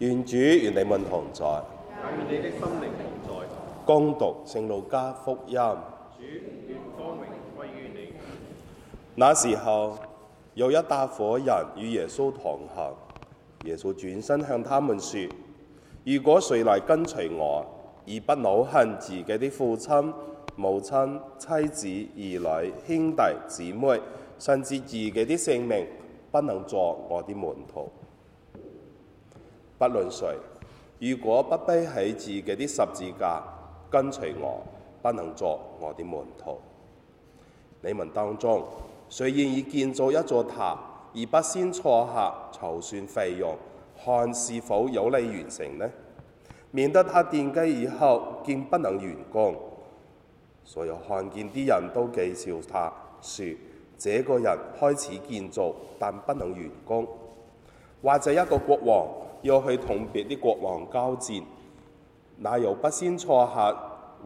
願主與你們同在，願你的心靈同在。恭讀聖路加福音。主願光明歸於你。那時候有一大伙人與耶穌同行。耶穌轉身向他們説：如果誰來跟隨我，而不惱恨自己的父親、母親、妻子、兒女、兄弟、姊妹，甚至自己的性命，不能作我的門徒。不論誰，如果不背起自己啲十字架，跟隨我，不能作我的門徒。你們當中誰願意建造一座塔，而不先坐下籌算費用，看是否有利完成呢？免得他奠基以後，見不能完工。所有看見啲人都譏笑他，說：這個人開始建造，但不能完工。或者一個國王，要去同別啲國王交戰，那又不先坐下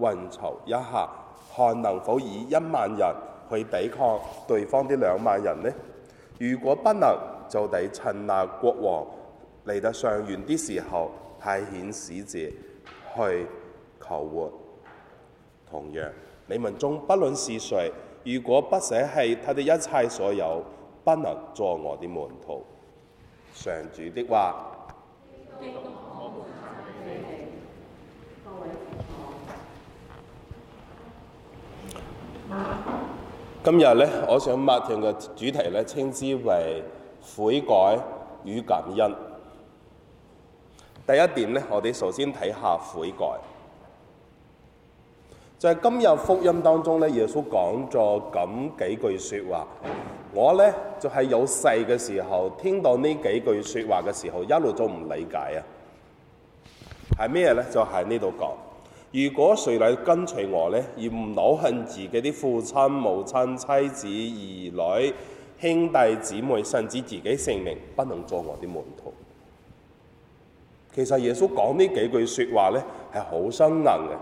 運籌一下，看能否以一萬人去抵抗對方啲兩萬人呢？如果不能，就得趁那國王離得尚遠啲時候，派遣使者去求援。同樣，你們中不論是誰，如果不捨棄他哋一切所有，不能作我啲門徒，上主的話。今日咧，我想擘定嘅主題咧，稱之為悔改與感恩。第一點咧，我哋首先睇下悔改。就係今日福音當中咧，耶穌講咗咁幾句說話。我呢，就係、是、有細嘅時候聽到呢幾句說話嘅時候一路都唔理解啊，係咩呢？就喺呢度講，如果誰嚟跟隨我呢，而唔惱恨自己啲父親、母親、妻子、兒女、兄弟姊妹，甚至自己性命，不能做我啲門徒。其實耶穌講呢幾句說話呢，係好生硬嘅，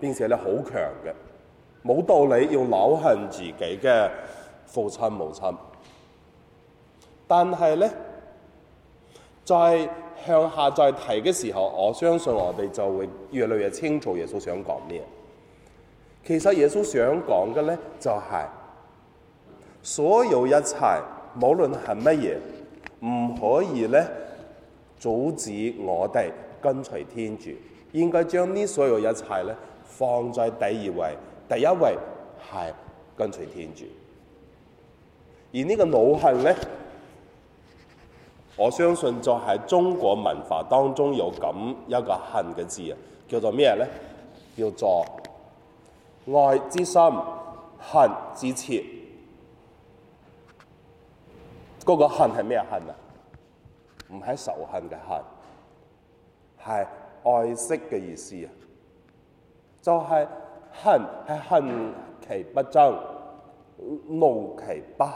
並且咧好強嘅，冇道理要惱恨自己嘅。父親、母親，但係咧，在向下再提嘅時候，我相信我哋就會越來越清楚耶穌想講咩。其實耶穌想講嘅咧，就係、是、所有一切，無論係乜嘢，唔可以咧阻止我哋跟隨天主。應該將呢所有一切咧放在第二位，第一位係跟隨天主。而個呢個惱恨咧，我相信就喺中國文化當中有咁一個恨嘅字啊，叫做咩咧？叫做愛之深，恨之切。嗰、那個恨係咩恨啊？唔係仇恨嘅恨，係愛惜嘅意思啊。就係、是、恨係恨其不爭。怒其不幸，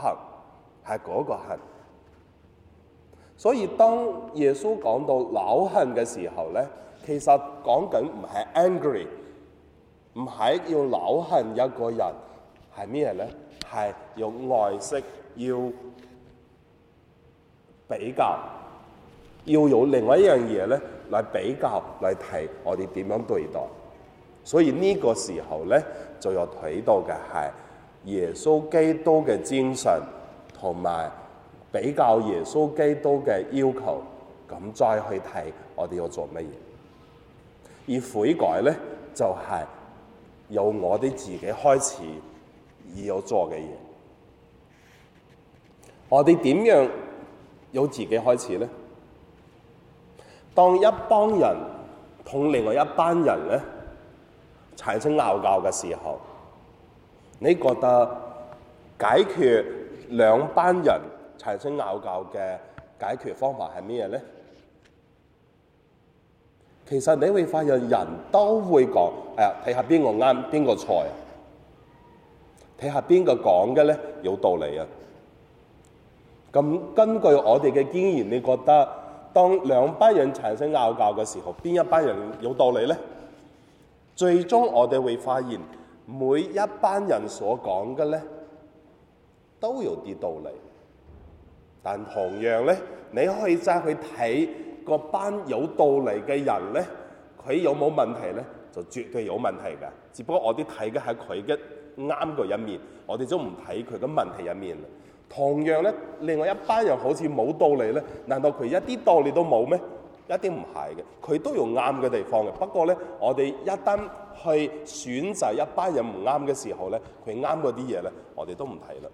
係嗰個恨。所以當耶穌講到惱恨嘅時候咧，其實講緊唔係 angry，唔係要惱恨一個人，係咩咧？係用愛惜，要比較，要有另外一樣嘢咧嚟比較嚟睇我哋點樣對待，所以呢個時候咧就有睇到嘅係。耶穌基督嘅精神同埋比較耶穌基督嘅要求，咁再去睇我哋要做乜嘢。而悔改咧就係、是、由我哋自己開始而要做嘅嘢。我哋點樣有自己開始咧？當一幫人同另外一班人咧產生拗交嘅時候。你覺得解決兩班人產生拗交嘅解決方法係咩咧？其實你會發現人都會講，誒睇下邊個啱，邊個錯，睇下邊個講嘅咧有道理啊。咁根據我哋嘅經驗，你覺得當兩班人產生拗交嘅時候，邊一班人有道理咧？最終我哋會發現。每一班人所講嘅咧都有啲道理，但同樣咧，你可以再去睇嗰班有道理嘅人咧，佢有冇問題咧？就絕對有問題㗎。只不過我哋睇嘅係佢嘅啱嘅一面，我哋都唔睇佢嘅問題一面。同樣咧，另外一班人好似冇道理咧，難道佢一啲道理都冇咩？一啲唔係嘅，佢都有啱嘅地方嘅。不過咧，我哋一單，去選擇一班人唔啱嘅時候咧，佢啱嗰啲嘢咧，我哋都唔睇啦。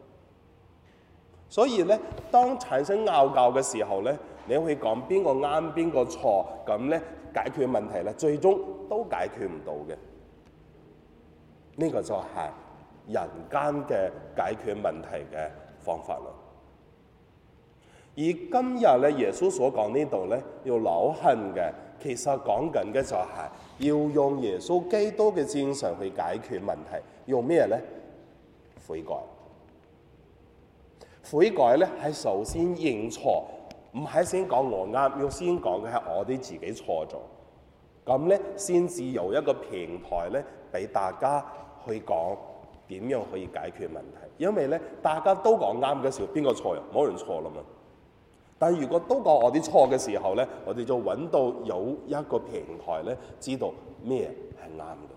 所以咧，當產生拗交嘅時候咧，你去講邊個啱邊個錯，咁咧解決問題咧，最終都解決唔到嘅。呢個就係人間嘅解決問題嘅方法啦。而今日咧，耶穌所講呢度咧，要扭恨嘅。其實講緊嘅就係、是、要用耶穌基督嘅精神去解決問題，用咩咧？悔改，悔改咧係首先認錯，唔係先講我啱，要先講嘅係我哋自己錯咗。咁咧先至由一個平台咧，俾大家去講點樣可以解決問題。因為咧大家都講啱嘅時候，邊個錯啊？冇人錯啦嘛。但如果都講我啲錯嘅時候咧，我哋就揾到有一個平台咧，知道咩係啱嘅。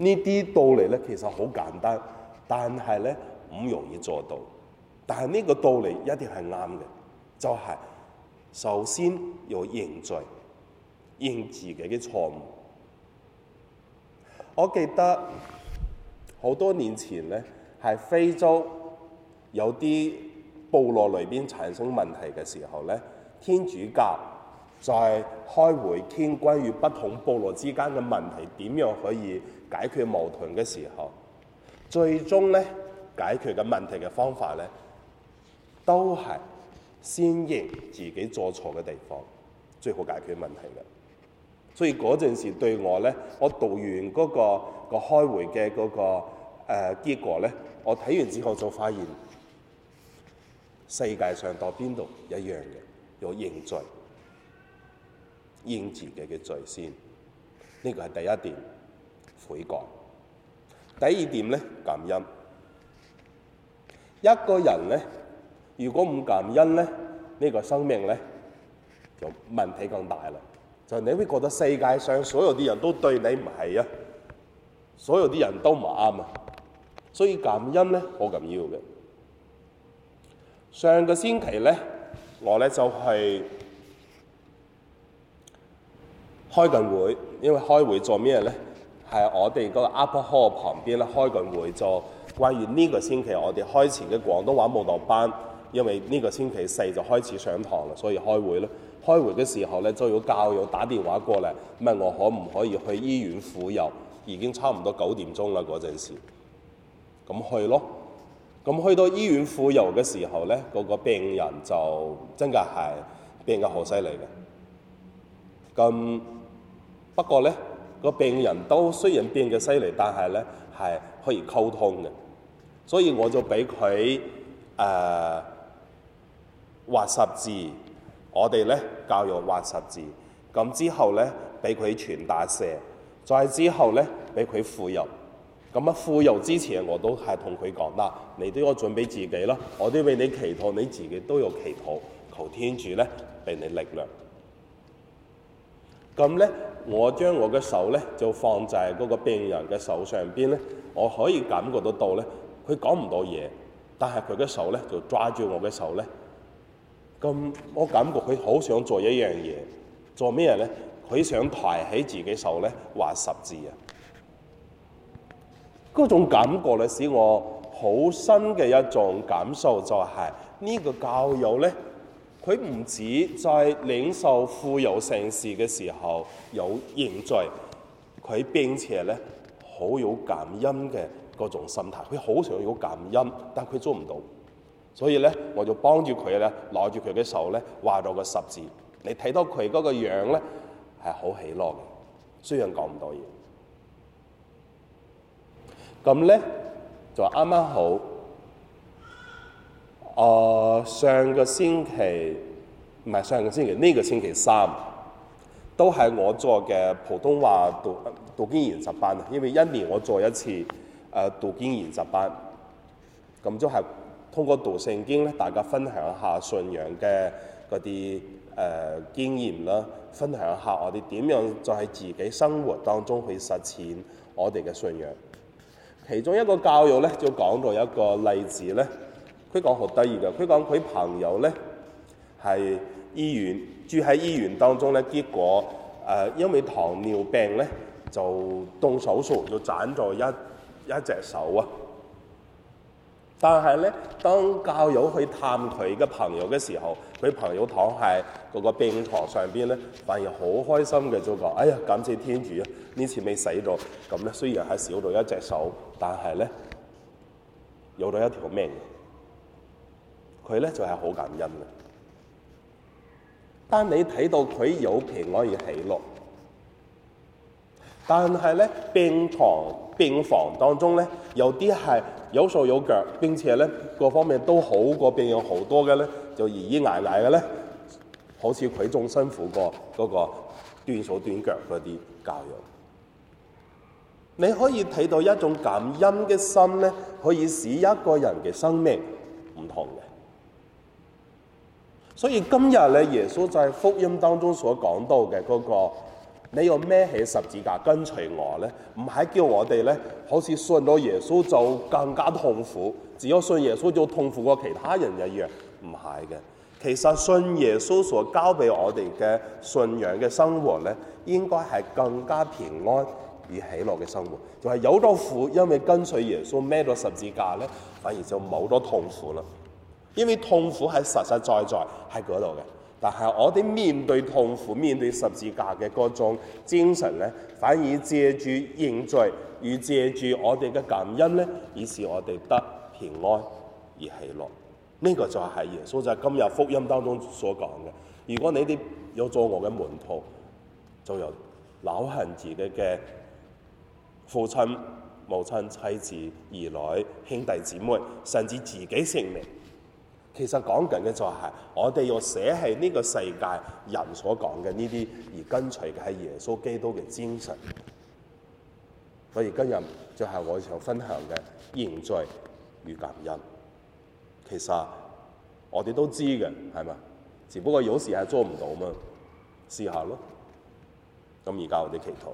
呢啲道理咧其實好簡單，但係咧唔容易做到。但係呢個道理一定係啱嘅，就係、是、首先要認罪，認自己嘅錯誤。我記得好多年前咧，係非洲有啲，部落裏邊產生問題嘅時候呢，天主教在開會傾關於不同部落之間嘅問題點樣可以解決矛盾嘅時候，最終呢解決嘅問題嘅方法呢，都係先認自己做錯嘅地方，最好解決問題嘅。所以嗰陣時對我呢，我讀完嗰、那個個開會嘅嗰、那個誒、呃、結果呢，我睇完之後就發現。世界上到邊度一樣嘅，要認罪，認自己嘅罪先。呢個係第一點悔改。第二點咧，感恩。一個人咧，如果唔感恩咧，呢個生命咧就問題更大啦。就係你會覺得世界上所有啲人都對你唔係啊，所有啲人都唔啱啊，所以感恩咧好緊要嘅。上個星期咧，我咧就係開緊會，因為開會做咩咧？係我哋個 Upper Hall 旁邊咧開緊會，做關於呢個星期我哋開始嘅廣東話舞蹈班。因為呢個星期四就開始上堂啦，所以開會咯。開會嘅時候咧，就有教友打電話過嚟，問我可唔可以去醫院傅油，已經差唔多九點鐘啦嗰陣時，咁去咯。咁去到醫院傅油嘅時候咧，個病人就真係病嘅好犀利嘅。咁不過咧，個病人都雖然病嘅犀利，但係咧係可以溝通嘅。所以我就俾佢誒畫十字，我哋咧教育畫十字。咁之後咧，俾佢全大赦，再之後咧，俾佢傅油。咁啊，富幼之前我都係同佢講啦，你都要我準備自己啦，我都為你祈禱你自己都有祈禱求天主咧俾你力量。咁咧，我將我嘅手咧就放在嗰個病人嘅手上邊咧，我可以感覺得到咧，佢講唔到嘢，但係佢嘅手咧就抓住我嘅手咧。咁我感覺佢好想做一樣嘢，做咩嘢咧？佢想抬起自己手咧，畫十字啊！嗰種感覺咧，使我好新嘅一種感受就係呢個教友咧，佢唔止在領受傅油聖事嘅時候有認罪，佢並且咧好有感恩嘅嗰種心態。佢好想要感恩，但佢做唔到，所以咧我就幫住佢咧攞住佢嘅手咧畫咗個十字。你睇到佢嗰個樣咧係好喜樂嘅，雖然講唔到嘢。咁咧就啱啱好，啊，上個星期，唔係上個星期，呢個星期三都係我做嘅普通話讀讀經研習班啊。因為一年我做一次誒讀經研習班，咁即係通過讀聖經咧，大家分享下信仰嘅嗰啲誒經驗啦，分享下我哋點樣就喺自己生活當中去實踐我哋嘅信仰。其中一個教育咧，就講到一個例子咧，佢講好得意嘅，佢講佢朋友咧係醫院住喺醫院當中咧，結果誒、呃、因為糖尿病咧就動手術就斬咗一一隻手啊！但係咧，當教友去探佢嘅朋友嘅時候，佢朋友躺喺嗰個病床上邊咧，反而好開心嘅，就話：哎呀，感謝天主啊！呢次未死咗，咁咧雖然係少咗一隻手，但係咧有咗一條命，佢咧就係好感恩嘅。當你睇到佢有平安而喜樂，但係咧病床病房當中咧有啲係，有手有腳，並且咧各方面都好過，邊有好多嘅咧就依依挨挨嘅咧，好似佢仲辛苦過嗰個斷手斷腳嗰啲教育。你可以睇到一種感恩嘅心咧，可以使一個人嘅生命唔同嘅。所以今日咧，耶穌在福音當中所講到嘅嗰個。你要孭起十字架跟隨我咧？唔係叫我哋咧，好似信到耶穌就更加痛苦，只有信耶穌就痛苦過其他人一樣，唔係嘅。其實信耶穌所交俾我哋嘅信仰嘅生活咧，應該係更加平安而喜樂嘅生活。就係、是、有多苦，因為跟隨耶穌孭到十字架咧，反而就冇多痛苦啦。因為痛苦係實實在在喺嗰度嘅。但係我哋面對痛苦、面對十字架嘅嗰種精神咧，反而借住認罪與借住我哋嘅感恩咧，以使我哋得平安而喜樂。呢、這個就係耶穌就喺今日福音當中所講嘅。如果你哋有咗我嘅門徒，仲有褻行自己嘅父親、母親、妻子、兒女、兄弟姊妹，甚至自己性命。其實講緊嘅就係，我哋要捨棄呢個世界人所講嘅呢啲，而跟隨嘅係耶穌基督嘅精神。所以今日就係我想分享嘅，悔改與感恩。其實、啊、我哋都知嘅，係嘛？只不過有時係做唔到嘛，試下咯。咁而家我哋祈禱。